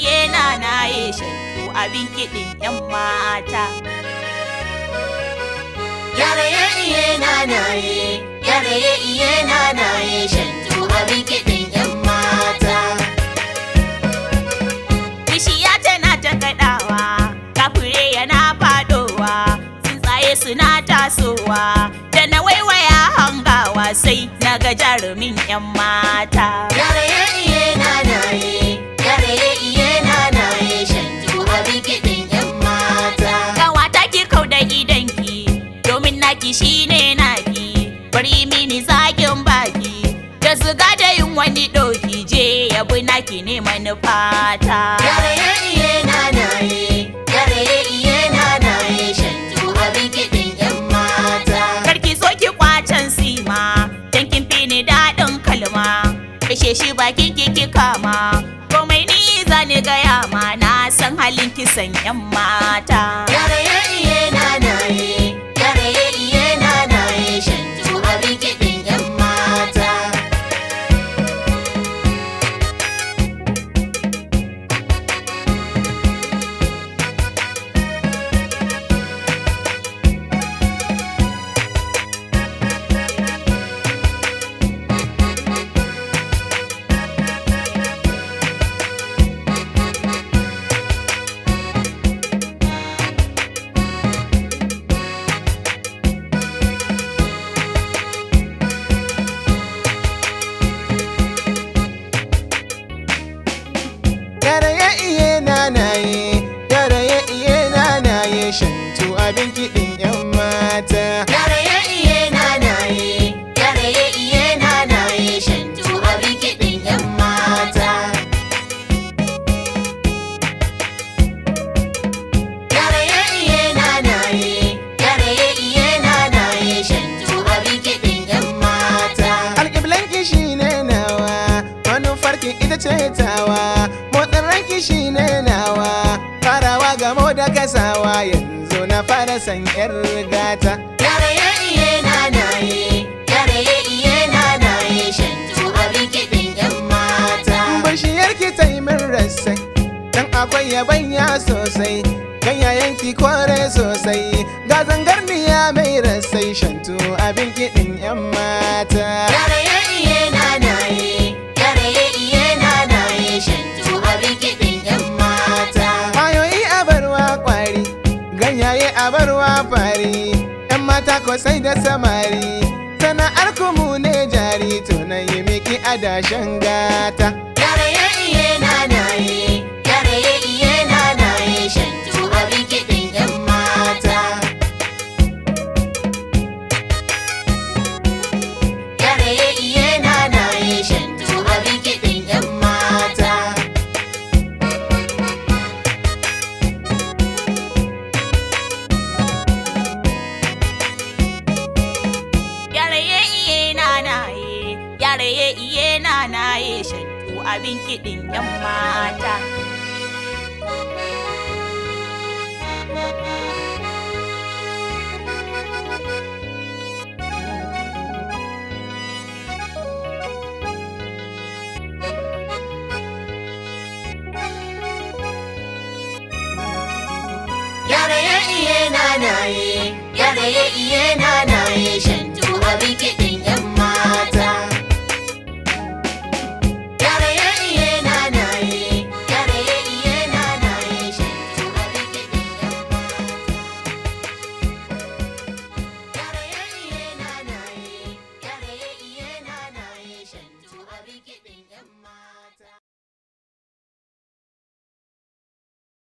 iye na na ye shantu abin kiɗin yan mata. Yara ya iye na na ye, yara ya iye na na ye shantu abin kiɗin yan mata. Bishiya tana ta kaɗawa, kafure yana faɗowa, tsuntsaye suna tasowa, da na waiwaya hangawa sai na ga jarumin yan mata. Yara ya iye ki na bi, bari mini zakin baki da zuga da yin wani doki je yabi naki ne manufata yare iye na naye yare iye na naye shantu abin kidin yan mata karki so ki kwacen sima dan ki fini daɗin kalma kashe shi baki ki ki kama komai ni zani gaya ma na san halin kisan yan mata kasawa yanzu na fara san yar rigata yare ya iye na naye yare ya iye na naye shantu abin kiɗin yan mata Bishiyar ki ta yi min rasai dan akwai yabanya sosai yanki kore sosai ga zangarniya mai rasai shantu abin kiɗin yan mata abarwa fari yan mata ko sai da samari sana'ar kuma ne jari tunan yi miki gata iye na na ye shaddu abin kiɗin yan mata. Yare ya iye na na ye, yare ya iye na